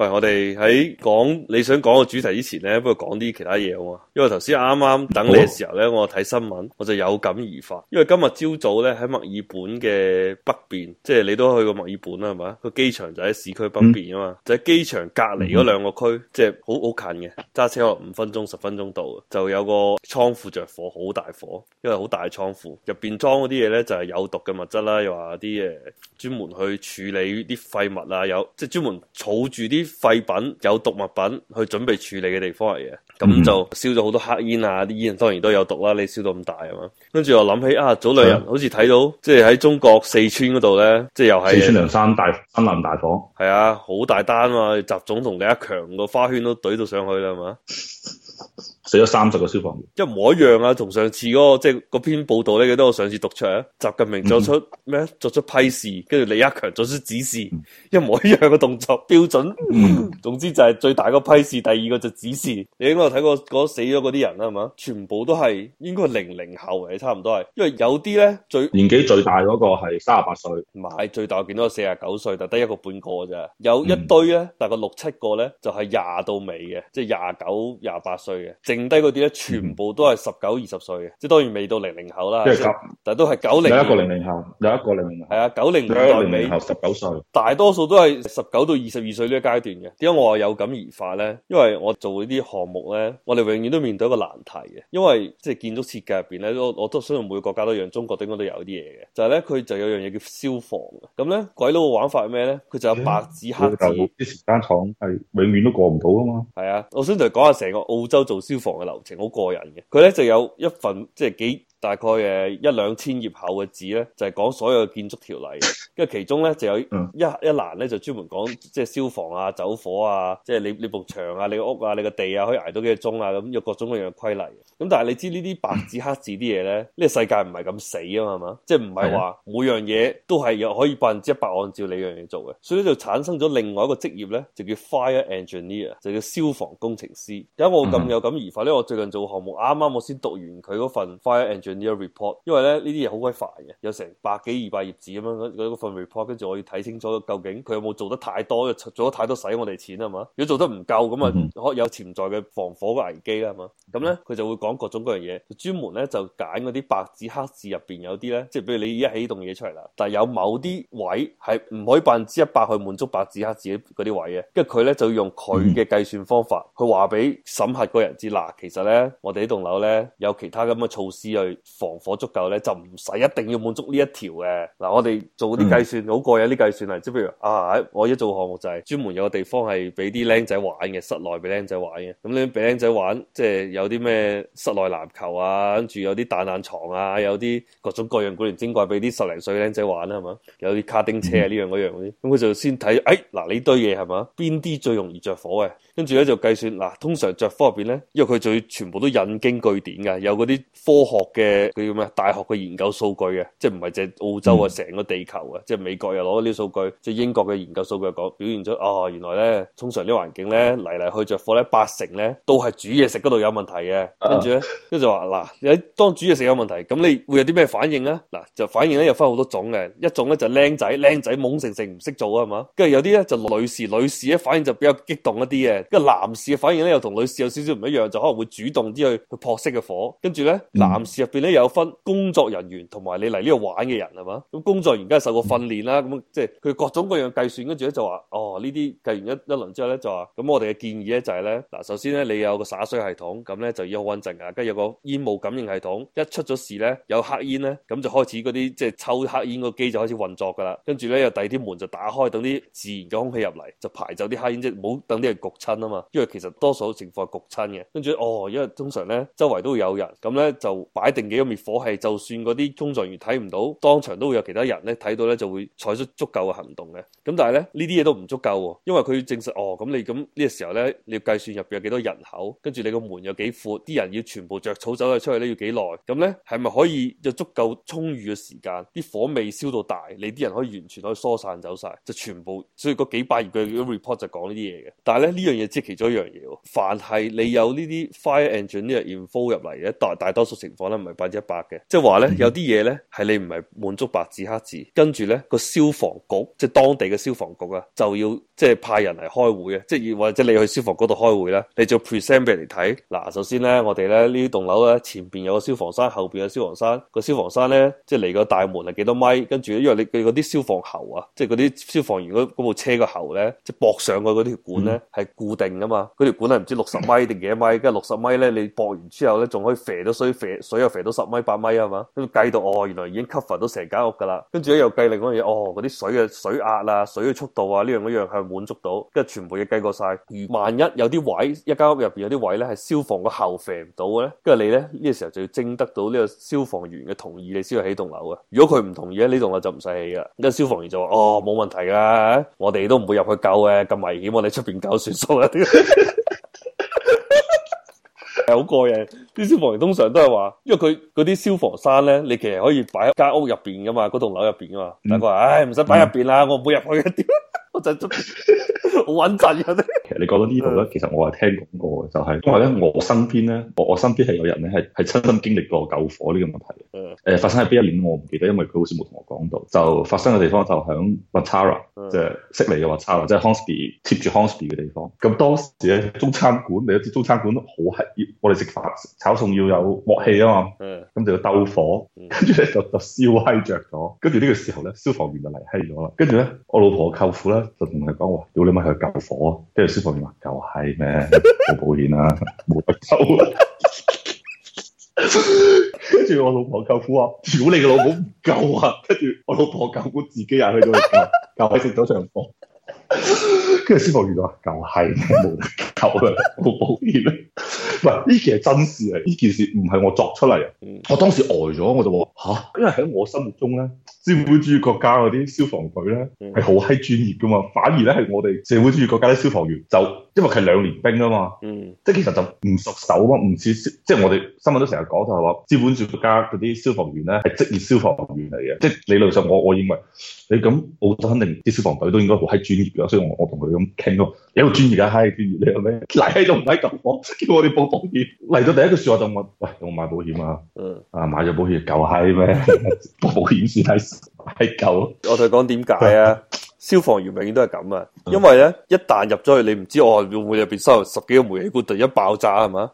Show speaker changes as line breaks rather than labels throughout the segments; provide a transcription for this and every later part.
喂，我哋喺講你想講嘅主題之前咧，不如講啲其他嘢好嘛。因為頭先啱啱等你嘅時候咧，我睇新聞，我就有感而發。因為今日朝早咧喺墨爾本嘅北邊，即係你都去過墨爾本啦，係嘛？個機場就喺市區北邊啊嘛，就喺機場隔離嗰兩個區，即係好好近嘅，揸車可能五分鐘、十分鐘到，就有個倉庫着火，好大火，因為好大嘅倉庫入邊裝嗰啲嘢咧就係有毒嘅物質啦，又話啲誒專門去處理啲廢物啊，有即係專門儲住啲。廢品有毒物品去準備處理嘅地方嚟嘅，咁、嗯、就燒咗好多黑煙啊！啲煙當然都有毒啦，你燒到咁大係嘛？跟住我諗起啊，早兩日好似睇到，嗯、即係喺中國四川嗰度咧，即係又喺，四川涼山
大森林大火，
係啊，好大單啊嘛，習總同李克強個花圈都懟到上去啦，係嘛？
死咗三十個消防
員，一模一樣啊，同上次嗰、那個即係嗰篇報道咧，記得我上次讀出嚟啊。習近平作出咩、嗯？作出批示，跟住李克強作出指示，嗯、一模一樣嘅動作標準。嗯、總之就係最大嗰批示，第二個就指示。 你應該有睇過嗰死咗嗰啲人啦，係嘛？全部都係應該零零後嘅，差唔多係，因為有啲咧最
年紀最大嗰個
係三十八歲，唔係最大我見到四十九歲，就得一個半個咋，有一堆咧大概六七個咧就係、是、廿到尾嘅，即係廿九廿八歲嘅，剩低嗰啲咧，全部都係十九二十歲嘅，即係當然未到零零後啦。即是但都係九零。一個零零後，
有一個零零。
係啊，九零。有一個零零後十九歲，大多數都係十九到二十二歲呢個階段嘅。點解我話有感而發咧？因為我做呢啲項目咧，我哋永遠都面對一個難題嘅。因為即係建築設計入邊咧，我我都相信每個國家都一樣，中國都應該都有啲嘢嘅。就係、是、咧，佢就有樣嘢叫消防。咁咧，鬼佬嘅玩法係咩咧？佢就有白紙黑字。啲、
欸、時間廠係永遠都過唔到啊嘛。
係啊，我先嚟講下成個澳洲做消防。嘅流程好過癮嘅，佢咧就有一份即係幾大概誒一兩千頁厚嘅紙咧，就係、是、講所有嘅建築條例，跟住其中咧就有一一欄咧就專門講即係消防啊、走火啊、即係你你部牆啊、你個屋啊、你個地啊可以挨到幾多鐘啊，咁有各種各樣嘅規例。咁但係你知呢啲白紙黑字啲嘢咧，呢、這個世界唔係咁死啊嘛，即係唔係話每樣嘢都係又可以百分之一百按照你樣嘢做嘅，所以就產生咗另外一個職業咧，就叫 fire engineer，就叫消防工程師。而家我咁有感而發咧，我最近做項目啱啱我先讀完佢嗰份 fire engineer。report，因為咧呢啲嘢好鬼煩嘅，有成百幾二百頁紙咁樣嗰份 report，跟住我要睇清楚究竟佢有冇做得太多，做得太多使我哋錢係嘛？如果做得唔夠咁啊，可有潛在嘅防火嘅危機啦，係嘛？咁咧佢就會講各種各樣嘢，專門咧就揀嗰啲白紙黑字入邊有啲咧，即係比如你而家起棟嘢出嚟啦，但係有某啲位係唔可以百分之一百去滿足白紙黑字嗰啲位嘅，跟住佢咧就用佢嘅計算方法去話俾審核個人知，嗱、啊、其實咧我哋呢棟樓咧有其他咁嘅措施去。防火足夠咧，就唔使一定要滿足呢一條嘅。嗱，我哋做啲計算好、嗯、過癮啲計算啊，即譬如啊，我一做項目就係、是、專門有個地方係俾啲僆仔玩嘅，室內俾僆仔玩嘅。咁你俾僆仔玩，即係有啲咩室內籃球啊，跟住有啲彈彈床啊，有啲各種各樣古靈精怪俾啲十零歲嘅僆仔玩啦，係嘛？有啲卡丁車啊，呢樣嗰樣嗰啲。咁佢就先睇，哎，嗱呢堆嘢係嘛？邊啲最容易着火嘅？跟住咧就計算嗱，通常着火入邊咧，因為佢最全部都引經據典嘅，有嗰啲科學嘅。誒，佢叫咩？大學嘅研究數據啊？即係唔係淨係澳洲啊，成、嗯、個地球啊，即係美國又攞咗啲數據，即係英國嘅研究數據講，表現咗哦，原來咧通常啲環境咧嚟嚟去着火咧，八成咧都係煮嘢食嗰度有問題嘅。跟住咧，跟住、啊、就話嗱，你當煮嘢食有問題，咁你會有啲咩反應咧？嗱，就反應咧又分好多種嘅，一種咧就靚、是、仔，靚仔懵成成唔識做啊嘛，跟住有啲咧就女士，女士咧反應就比較激動一啲嘅，跟住男士嘅反應咧又同女士有少少唔一樣，就可能會主動啲去去撲熄嘅火，跟住咧男士入邊、嗯。咧有分工作人員同埋你嚟呢度玩嘅人係嘛？咁工作人員梗係受過訓練啦，咁即係佢各種各樣計算，跟住咧就話：哦呢啲計完一一輪之後咧就話，咁我哋嘅建議咧就係咧嗱，首先咧你有個灑水系統，咁咧就要好穩陣啊，跟住有個煙霧感應系統，一出咗事咧有黑煙咧，咁就開始嗰啲即係抽黑煙個機就開始運作㗎啦，跟住咧又第二啲門就打開，等啲自然嘅空氣入嚟，就排走啲黑煙，即係唔好等啲人焗親啊嘛，因為其實多數情況係焗親嘅，跟住哦，因為通常咧周圍都會有人，咁咧就擺定，幾個滅火器，就算嗰啲工作人員睇唔到，當場都會有其他人咧睇到咧，就會採取足夠嘅行動嘅。咁但係咧呢啲嘢都唔足夠，哦，因為佢要證實哦，咁你咁呢，呢個時候咧，你要計算入邊有幾多人口，跟住你個門有幾闊，啲人要全部着草走咗出去咧要幾耐，咁咧係咪可以有足夠充裕嘅時間？啲火未燒到大，你啲人可以完全可以疏散走晒，就全部。所以嗰幾百頁嘅 report 就講呢啲嘢嘅。但係咧呢樣嘢即係其中一樣嘢，凡係你有呢啲 fire engine 呢個 info 入嚟嘅，大大多數情況都唔係？百分之百嘅，即係話咧，有啲嘢咧係你唔係滿足白字黑字，跟住咧，個消防局，即係當地嘅消防局啊，就要即係派人嚟開會啊，即係或者你去消防嗰度開會啦，你就 present 俾人哋睇嗱。首先咧，我哋咧呢棟樓咧前邊有個消防山，後邊有個消防山，個消防山咧即係離個大門係幾多米，跟住因為你嘅嗰啲消防喉啊，即係嗰啲消防員嗰部車嘅喉咧，即係駁上去嗰條管咧係固定噶嘛，嗰條管咧唔知六十米定幾多米，跟住六十米咧你駁完之後咧仲可以射到水，射。水又射。到十米八米啊嘛，跟住計到哦，原來已經 cover 到成間屋噶啦，跟住咧又計另外樣嘢，哦，嗰啲水嘅水壓啦、啊、水嘅速度啊，呢樣嗰樣係滿足到，跟住全部嘢計過晒。如萬一有啲位，一間屋入邊有啲位咧係消防個喉肥唔到嘅咧，跟住你咧呢、呢個時候就要徵得到呢個消防員嘅同意，你先去起棟樓嘅。如果佢唔同意咧，呢棟樓就唔使起啦。跟住消防員就話：哦，冇問題噶，我哋都唔會入去救嘅，咁危險，我哋出邊搞算數啦。 有過嘅，啲消防員通常都係話，因為佢嗰啲消防山咧，你其實可以擺喺間屋入邊噶嘛，嗰棟樓入邊噶嘛。嗯、但係佢話，唉，唔使擺入邊啦，嗯、我唔會入去嘅，我就好穩陣啲。
你覺得呢度咧，其實我係聽講過嘅，就係因為咧，我身邊咧，我我身邊係有人咧，係係親身經歷過救火呢個問題。誒、 呃、發生喺邊一年我唔記得，因為佢好似冇同我講到。就發生嘅地方就響 Waitara，即係悉尼嘅 Waitara，即係 Hornsby 貼住 Hornsby 嘅地方。咁當時咧中餐館，你知中餐館都好閪要，我哋食飯炒餸要有鑊氣啊嘛。咁 就要鬥火，跟住咧就就燒嗨着咗，跟住呢個時候咧消防員就嚟閪咗啦。跟住咧我老婆舅父咧就同佢講話：喂，屌你咪去救火啊！跟住消防。就係咩冇保險啦、啊，冇得救啦。跟住 我老婆舅父話：屌你個老婆唔救啊！跟住我老婆舅父自己也去咗，教夠喺正上場。跟住 師傅遇到啊，就係冇得救嘅冇保險咧。唔係呢件係真事嚟，呢件事唔係我作出嚟。我當時呆咗，我就話吓，因為喺我心目中咧。資本主義國家嗰啲消防隊咧係好閪專業噶嘛，反而咧係我哋社會主義國家啲消,消防員就。因為佢係兩年兵啊嘛，即係其實就唔熟手咯，唔似即係我哋新聞都成日講就係話資本專家資本主義國家嗰啲消防員咧係職業消防員嚟嘅，即係理論上我我認為你咁，我肯定啲消防隊都應該好閪專業嘅，所以我我同佢咁傾，有個專業嘅閪專業，你有咩嚟喺度唔喺救火，叫我哋報保險嚟到第一句說話我就問喂、哎、我買保險啊，啊買咗保險夠閪咩？ 保險算係係舊，我就講點解
啊？ 消防員永遠都係咁啊，
因為呢一旦入咗去，你唔
知我、哦、會唔會入面收入十幾個煤氣罐，突然一爆炸係嘛？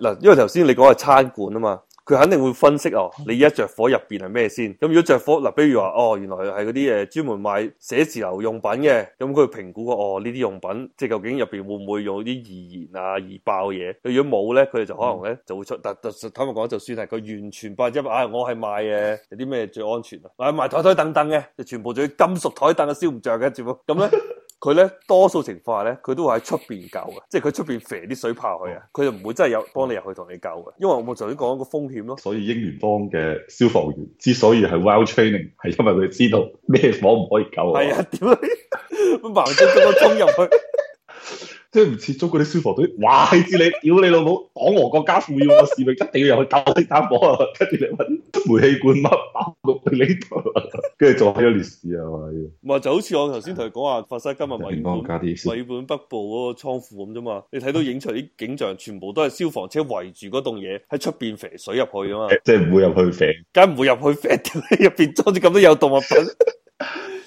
嗱， 因為頭先你講係餐館啊嘛。佢肯定會分析哦，你一着火入邊係咩先？咁如果着火嗱，比如話哦，原來係嗰啲誒專門賣寫字樓用品嘅，咁佢評估過哦呢啲用品，即係究竟入邊會唔會用啲易燃啊易爆嘢？佢如果冇咧，佢哋就可能咧就會出。嗯、但但坦白講，就算係佢完全不知，啊、哎、我係賣嘅，有啲咩最安全啊？買埋台台等凳嘅，就全部仲啲金屬台凳啊，燒唔着嘅，只冇咁咧。 佢咧多數情況下咧，佢都會喺出邊救嘅，即係佢出邊肥啲水泡佢啊，佢就唔會真係有幫你入去同你救嘅，
因為我冇頭先講個風險咯。所以英聯邦嘅消防員之所以係 well training，係因為佢知道咩火唔可以救。係啊，點啊，盲豬咁樣衝入去， 即係唔似中嗰啲消防隊，哇！知你屌你老母，黨和國家賦予我使命，一定要入去救呢盞火啊，跟住嚟揾煤氣罐乜爆到呢度 即係做開咗烈士啊嘛，要
唔係就好似我頭先同你講話，法西今日咪日本日本北部嗰個倉庫咁啫嘛，你睇到影出啲景象，全部都係消防車圍住嗰棟嘢喺出邊肥水入去啊嘛，即係唔會入去肥，梗唔會入去肥，入邊裝住咁多有動物品。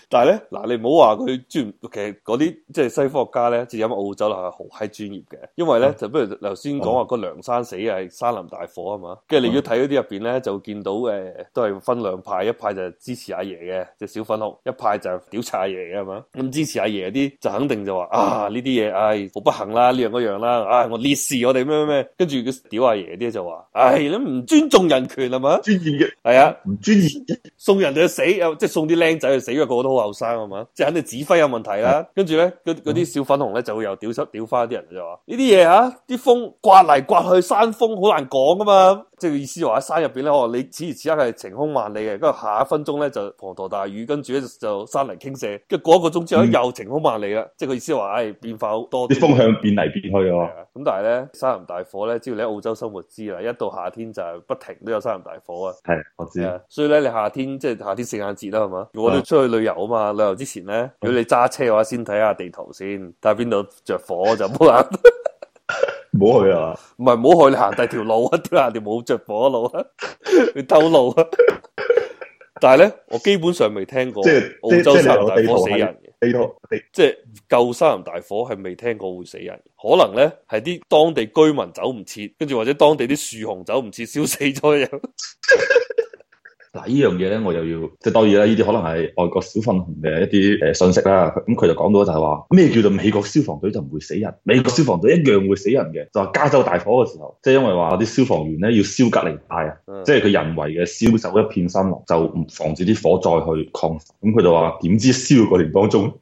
但係咧，嗱、啊，你唔好話佢專，其實嗰啲即係西科學家咧，至飲澳洲係好閪專業嘅。因為咧，啊、就不如頭先講話個涼山死係山林大火啊嘛，跟住你要睇嗰啲入邊咧，就會見到誒、呃，都係分兩派，一派就支持阿爺嘅，即、就、係、是、小粉紅；一派就屌阿爺啊嘛。咁支持阿爺啲就肯定就話啊呢啲嘢，唉，好、哎、不幸啦，呢樣嗰樣啦，啊、哎，我烈士我哋咩咩咩，跟住佢屌阿爺啲就話，唉、哎，你唔尊重人權係嘛？專業嘅係啊，唔專業， 送人哋去死，即係送啲僆仔去死啊，都。後生係嘛？即係、就是、肯定指揮有問題啦。跟住咧，嗰啲小粉紅咧就會又屌出屌翻，啲人就啫。話呢啲嘢，啊，啲風刮嚟刮去，山風好難講噶嘛。即、就、係、是、意思話喺山入邊咧，你此時此刻係晴空萬里嘅，跟住下一分鐘咧就滂沱大雨，跟住咧就山泥傾瀉。跟住嗰個鐘之後又晴空萬里啦。嗯、即係佢意思話，唉、哎，變化好多。啲風向
變嚟變去啊。
咁但係咧，山林大火咧，只要你喺澳洲生活知啦，一到夏天就係不停都有山林大火啊。係我知。啊，所以咧，你夏天即係、就是、夏天聖誕節啦，係嘛？我都出去旅遊。的啊！旅遊之前咧，如果你揸車嘅話，先睇下地圖先，睇下邊度着火就好喇，
唔好 去啊！唔
係唔好去，你行第條路啊，第二條路冇着火路啊，你兜路啊！ 但係咧，我基本上未聽過澳洲森林大火死人嘅，地圖即係舊森林大火係未聽過會死人，可能咧係啲當地居民走唔切，跟住或者當地啲樹熊走唔切燒死咗人。
嗱，呢樣嘢咧，我又要即係當然啦，呢啲可能係外國小粉紅嘅一啲誒、呃、信息啦。咁、嗯、佢就講到就係話咩叫做美國消防隊就唔會死人，美國消防隊一樣會死人嘅。就話加州大火嘅時候，即係因為話啲消防員咧要燒隔離帶啊，嗯、即係佢人為嘅燒走一片森林，就唔防止啲火再去擴。咁、嗯、佢就話點知燒過程當中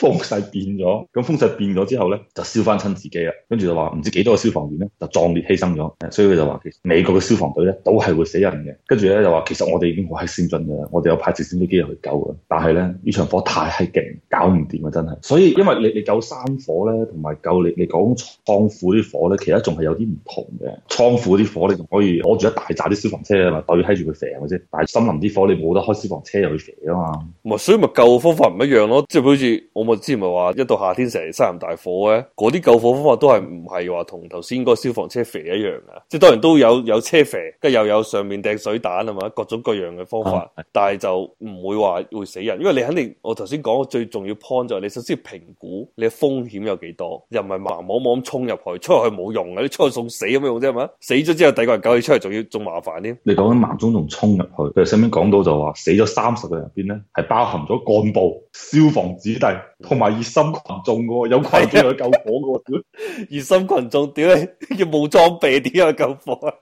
風勢變咗，咁風勢變咗之後咧，就燒翻親自己啦。跟住就話唔知幾多個消防員咧，就壯烈犧牲咗。所以佢就話，其實美國嘅消防隊咧，都係會死人嘅。跟住咧就話，其實我哋已經好係先進嘅，我哋有派直升飛機入去救嘅。但係咧，呢場火太係勁，搞唔掂啊！真係。所以因為你你救山火咧，同埋救你你講倉庫啲火咧，其實仲係有啲唔同嘅。倉庫啲火你仲可以攞住一大紮啲消防車啊嘛，對喺住佢射嘅啫。但係森林啲火你冇得開消防車入去射啊嘛。
咪所以咪救方法唔一樣咯，即係好似我我之前咪話一到夏天成日山林大火咧，嗰啲救火方法都係唔係話同頭先嗰個消防車肥一樣嘅，即係當然都有有車肥，跟住又有上面掟水彈啊嘛，各種各樣嘅方法，啊、但係就唔會話會死人，因為你肯定我頭先講個最重要 point 就係、是、你首先要評估你嘅風險有幾多，又唔係盲摸摸咁衝入去，出去冇用嘅，你出去送死咁用啫嘛，死咗之後第二個人救你出嚟仲要仲麻煩添。
你講緊盲中仲衝入去，佢上面講到就話死咗三十個人邊咧，係包含咗幹部、消防子弟。同埋熱心群眾嘅喎，有群眾去救火嘅喎，熱 心群眾屌你，要冇裝備點解
去救火啊？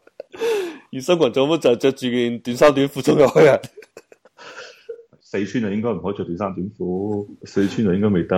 熱心群眾乜就着住件短衫短褲入去啊？
四川就應該唔可以着短衫短褲， 四川就應該未得，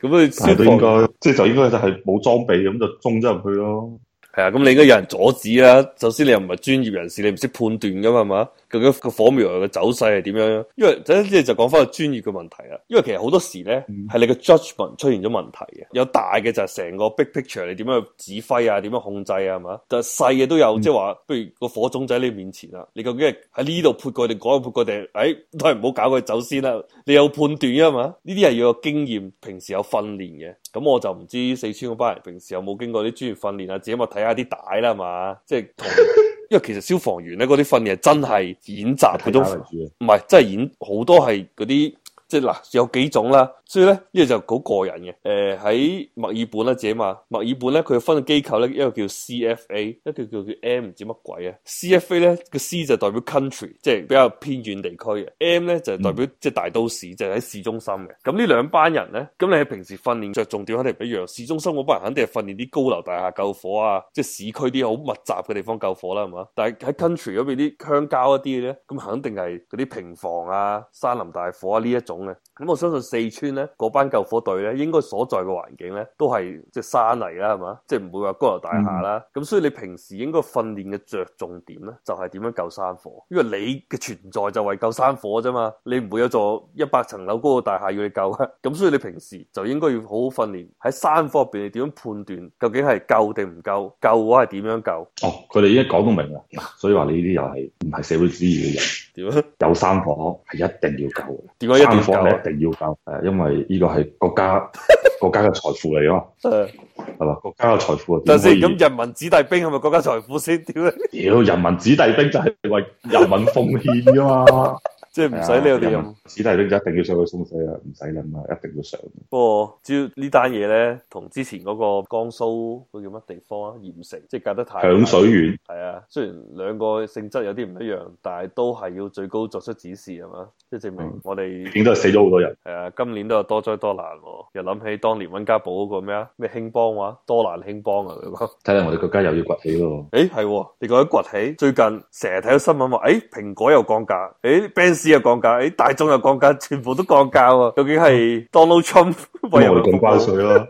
咁你消防即係就應該就係冇裝備咁就衝咗入去咯。係啊，咁你應該有
人阻止啦。首先你又唔係專業人士，你唔識判斷噶嘛，係嘛？究竟個火苗嘅走勢係點樣？因為總之就講翻個專業嘅問題啊。因為其實好多時咧係、嗯、你個 judgement 出現咗問題嘅。有大嘅就係成個 big picture 你點樣去指揮啊，點樣控制啊，係嘛？但係細嘅都有，嗯、即係話，譬如個火種仔你面前啦，你究竟喺呢度潑過定嗰度潑過定？哎，都係唔好搞佢走先啦。你有判斷噶嘛？呢啲係要有經驗，平時有訓練嘅。咁我就唔知四川嗰班人平時有冇經過啲專業訓練啊，自己咪睇下啲帶啦嘛？即係同， 因為其實消防員咧嗰啲訓練係真係演習嗰種，唔係，真係演好多係嗰啲。嗱、啊，有幾種啦，所以咧呢、呢個就好個人嘅。誒喺墨爾本咧、啊、自己嘛，墨爾本咧佢分個機構咧，一個叫 CFA，一個叫叫 M，唔知乜鬼啊。CFA 咧個 C 就代表 country，即係比較偏遠地區嘅 M 咧就係、代表、嗯、即係大都市，就喺、係、市中心嘅。咁呢兩班人咧，咁你喺平時訓練着重點肯定唔一樣。市中心嗰班人肯定係訓練啲高樓大廈救火啊，即係市區啲好密集嘅地方救火啦、啊，係嘛？但係喺 country 嗰邊啲鄉郊一啲嘅咧，咁肯定係嗰啲平房啊、山林大火啊呢一種。咁我相信四川咧，嗰班救火隊咧，應該所在嘅環境咧，都係即係山泥啦，係嘛？即係唔會話高樓大廈啦。咁、嗯、所以你平時應該訓練嘅着重點咧，就係、是、點樣救山火，因為你嘅存在就係救山火啫嘛。你唔會有座一百層樓高嘅大廈要你救啊。咁所以你平時就應該要好好訓練喺山火入邊，你點樣判斷究竟係救定唔救？救嘅話係點樣救？
哦，佢哋而家講到明啦，所以話你呢啲又係唔係社會主義嘅人。 有山火，係一定要救嘅，山火係一定要救，誒，因為呢個係國家 國家嘅財富嚟咯，係嘛？ 國家嘅財富，但先是咁
人民子弟兵係咪國家財富先？屌，屌人民子弟兵就係
為人民奉
獻噶嘛。
即係唔使你我哋指揮，你一定要上去送死啦，唔使諗啦，一定要上。
不過，只要呢單嘢咧，同之前嗰個江蘇嗰個叫乜地方啊？鹽城，即係隔得太遠，響水縣。係啊，雖然兩個性質有啲唔一樣，但係都係要最高作出指示係嘛？即係證明我哋。點都係死咗好多人。係啊，今年都係多災多難喎。又諗起當年温家寶嗰個咩啊，咩興邦話多難興邦啊，睇嚟我哋
國家又要崛起
咯。誒係，你覺得崛起。最近成日睇到新聞話，誒蘋果又降價，誒知啊，降價，誒、欸，大眾又降價，全部都降價啊！究竟係 Donald Trump 為由講關稅咯？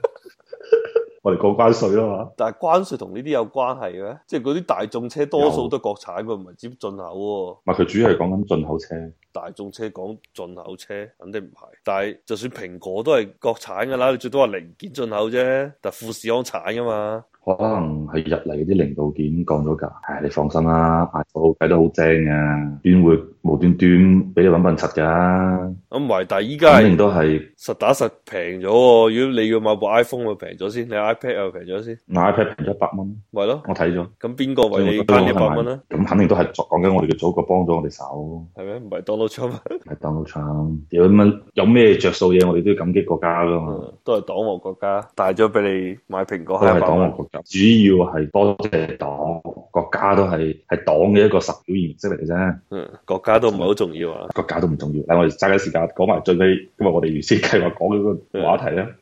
我哋講關稅啊嘛！
但係關稅同呢啲有關係嘅，即係嗰啲大眾車多數都國產，佢唔係只進口喎。
唔係，佢主要係講緊進口車。
大眾車講進口車肯定唔係，但係就算蘋果都係國產㗎啦，你最多話零件進口啫，但富士康產㗎嘛。
可能係入嚟嗰啲零部件降咗價，係啊，你放心啦，我睇得好精啊，邊會無端端俾你搵笨柒噶？
咁唔係，但係依家肯定都係實打實平咗。如果你要買部 iPhone，會平咗先；你 iPad 又平咗先。買 iPad 平
咗一百蚊，咪咯，我睇咗。咁邊個為你慳一百蚊咧？咁肯定都係講緊我哋嘅祖國幫咗我哋手，
係咪？
唔係 Donald Trump，係 Donald Trump。有乜有咩着數嘢，我哋都要感激國家噶嘛。
都係黨和國家帶咗俾你買蘋果，都係黨和國家。主
要係多謝黨，國家都係係黨嘅一個實表現形式嚟嘅啫。嗯，國家都唔係好重要啊。國家都唔重要。嗱，我哋揸緊時間講埋最尾，今日我哋原先計劃講嘅個話題。